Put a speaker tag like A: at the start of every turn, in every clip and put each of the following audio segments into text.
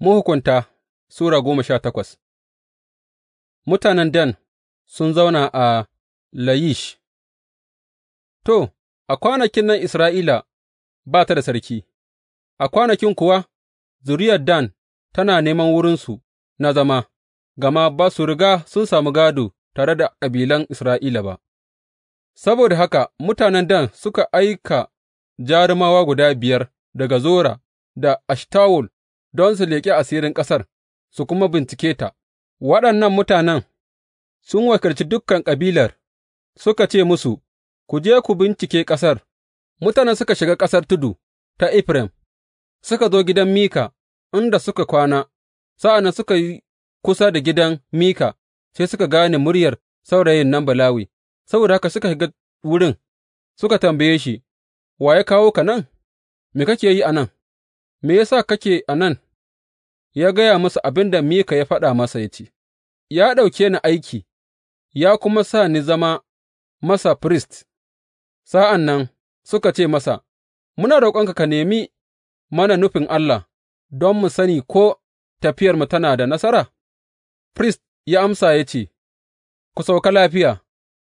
A: Mahukunta Sura goma sha takwas Mutanen Dan sun zauna a Layish To, a kwanakin nan Isra'ila ba ta da sarki, a kwanakin kuwa zuriyar Dan tana neman wurinsu na zama, gama ba su riga sun sami gado tare da kabilan Isra'ila ba. Saboda haka mutanen Dan suka aika jarumawa guda biyar daga Zora da Ashtawul don su leƙi asirin ƙasar su kuma bincike ta, waɗannan mutanen sun wakilci dukan kabilar suka ce musu, Ku je ku bincike ƙasar, mutanen suka shiga ƙasar tudu ta Efraim, suka zo gidan Mika inda suka kwana, sa'an nan suka yi kusa da gidan Mika, sai suka gane muryar saurayin nan Balawi, saboda haka suka shiga wurin suka tambaye shi, Wa ya kawo ka nan? Me kake yi a nan? Me ya sa kake a nan? ya gaya musu abin da Mika ya faɗa masa ya ce, Ya ɗauke ni aiki, ya kuma sa ni zama masa firist. Sa'an nan suka ce masa, Muna roƙonka ka nemi mana nufin Allah don mu sani ko tafiyarmu tana da nasara? Firist ya amsa ya ce, Ku sauka lafiya,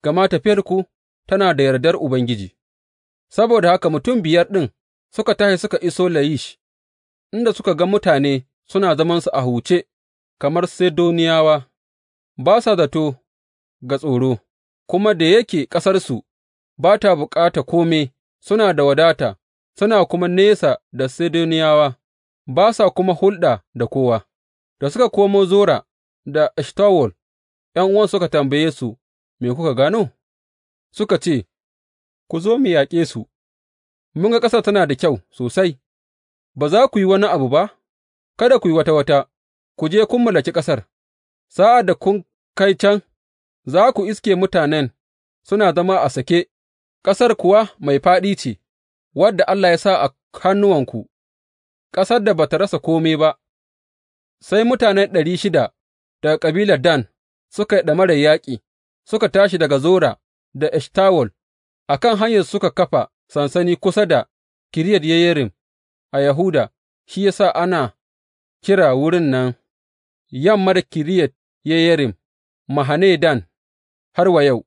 A: gama tafiyarku tana da yardar Ubangiji. Saboda haka mutum biyar ɗin suka tashi suka iso Layish, inda suka ga mutane suna zamansu a huce kamar Sidoniyawa, ba sa zato ga tsoro, kuma da yake ƙasarsu ba ta bukata kome, suna da wadata, suna kuma nesa da Sidoniyawa, ba sa kuma hulɗa da kowa. Da suka komo Zora da Eshtawol, uwan suka tambaye su, Me kuka gano? Suka ce, Ku zo mu yaƙe su, mun ga ƙasa tana da kyau sosai, ba za ku yi wani abu ba? Kada ku yi wata wata ku je kun mallaki ƙasar, sa'ad da kun kai can, za ku iske mutanen suna zama a sake, ƙasar kuwa mai fāɗi ce, wadda Allah ya sa a hannuwanku, ƙasar da ba ta rasa kome ba, sai mutanen ɗari shida daga kabilar Dan suka yi ɗamarar yaƙi, suka tashi daga Zora da Eshtawol, a kan hanyar suka kafa sansani kusa da Kiriyat Yeyarim a Yahuda, shi ya sa ana kira wurin nan yamma da Kiriyat Yeyarim, Mahane Dan, har wa yau,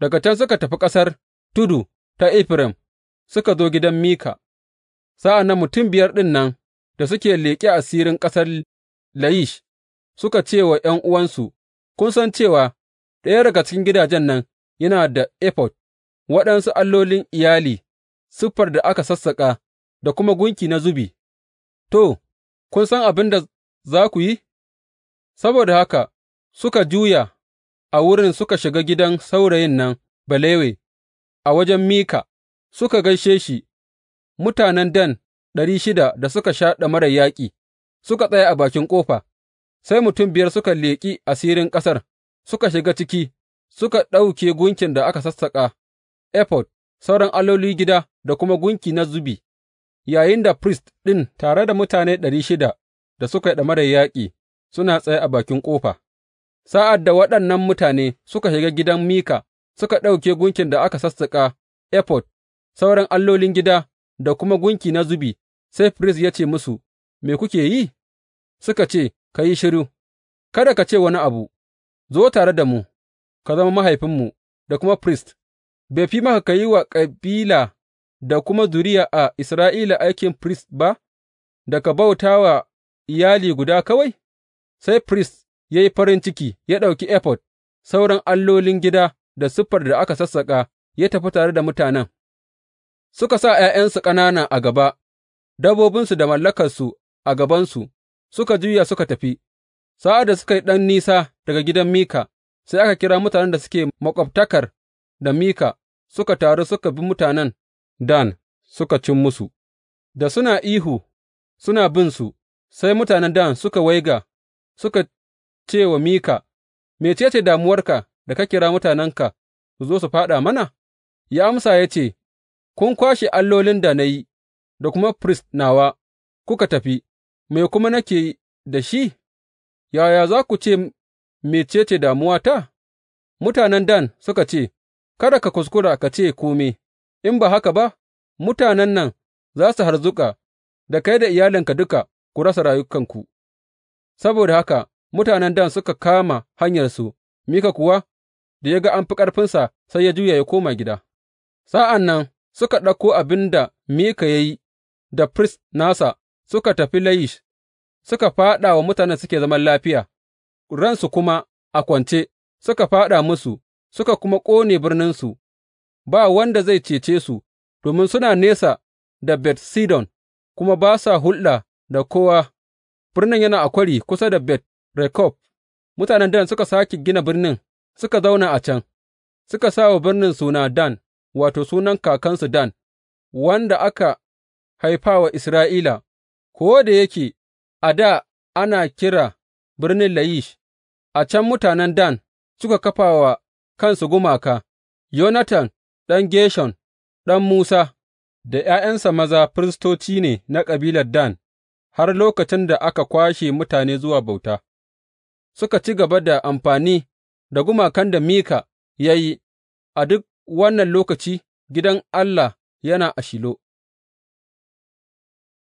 A: daga can suka tafi ƙasar tudu ta Efraim suka zo gidan Mika, sa'an nan mutum biyar ɗin nan da suke leƙe asirin ƙasar Layish suka ce wa ’yan'uwansu, Kun san cewa ɗaya daga cikin gidajen nan yana da efod, waɗansu allolin iyali, siffar da aka sassaƙa da kuma gunki na zubi, to, kun san abin da za ku yi, saboda haka suka juya a wurin suka shiga gidan saurayin nan balewe, a wajen Mika, suka gaishe shi, mutanen Dan ɗari shida da suka sha ɗamarar yaƙi, suka tsaya a bakin ƙofa, sai mutum biyar suka leƙi asirin ƙasar, suka shiga ciki, suka ɗauke gunkin da aka sassaƙa, efod, sauran alloli gida da kuma gunki na zubi. yayinda firist ɗin tare da mutane ɗari shida da suka yi ɗamarar yaƙi suna tsaye a bakin ƙofa, sa'ad da waɗannan mutane suka shiga gidan Mika suka ɗauke gunkin da aka sassaƙa efod, sauran allolin gida da kuma gunki na zubi, sai firist ya ce musu, Me kuke yi? Suka ce, Ka yi shiru, kada ka ce wani abu, zo tare da mu, ka zama mahaifinmu da kuma firist, bai fi maka ka yi wa kabila da kuma zuriya a Isra'ila aikin firist ba, da ka bauta wa iyali guda kawai? Sai firist ya yi farin ciki ya ɗauki efod, sauran allolin gida da siffar da aka sassaƙa ya tafi tare da mutanen. Suka sa ’ya'yansu ƙanana a gaba, dabbobinsu da mallakarsu a gabansu, suka juya suka tafi. Sa'ad da suka yi ɗan nisa daga gidan Mika, sai aka kira mutanen da suke maƙwabtakar da Mika, suka taru suka bi mutanen Dan suka cin musu, da suna ihu suna binsu, sai mutanen Dan suka waiga suka ce wa Mika, Mece ce damuwarka da ka kira mutanenka su zo su fāɗa mana? Ya amsa ya ce, Kun kwashe allolin da na yi, da kuma firist nawa kuka tafi, me kuma nake da shi? Yaya za ku ce, Mece ce damuwata? Mutanen Dan suka ce, Kada ka kuskura ka ce kome, in ba haka ba, mutanen nan za su harzuƙa da kai da iyalinka duka ku rasa rayukanku. Saboda haka mutanen Dan suka kama hanyarsu, Mika kuwa da ya ga an fi ƙarfinsa sai ya juya ya koma gida. Sa'an nan suka ɗauko abin da Mika ya yi da firist nasa suka tafi Layish, suka faɗa wa mutanen suke zaman lafiya, ransu kuma a kwance, suka faɗa musu, suka kuma ƙone birninsu, ba wanda zai cece su, domin suna nesa da Bet Sidon kuma ba sa hulɗa da kowa, birnin yana a kwari kusa da Bet Rekob. Mutanen Dan suka sake gina birnin, suka zauna a can, suka sa wa birnin suna Dan, wato, sunan kakansu Dan, wanda aka haifa wa Isra'ila, ko da yake a da ana kira birnin Layish, a can mutanen Dan suka kafa wa kansu gumaka, Yonatan ɗan Gershon, ɗan Musa, da ’ya'yansa maza firistoci ne na kabilar Dan har lokacin da aka kwashe mutane zuwa bauta, suka ci gaba da amfani da gumakan da Mika ya yi, a duk wannan lokaci gidan Allah yana a Shilo.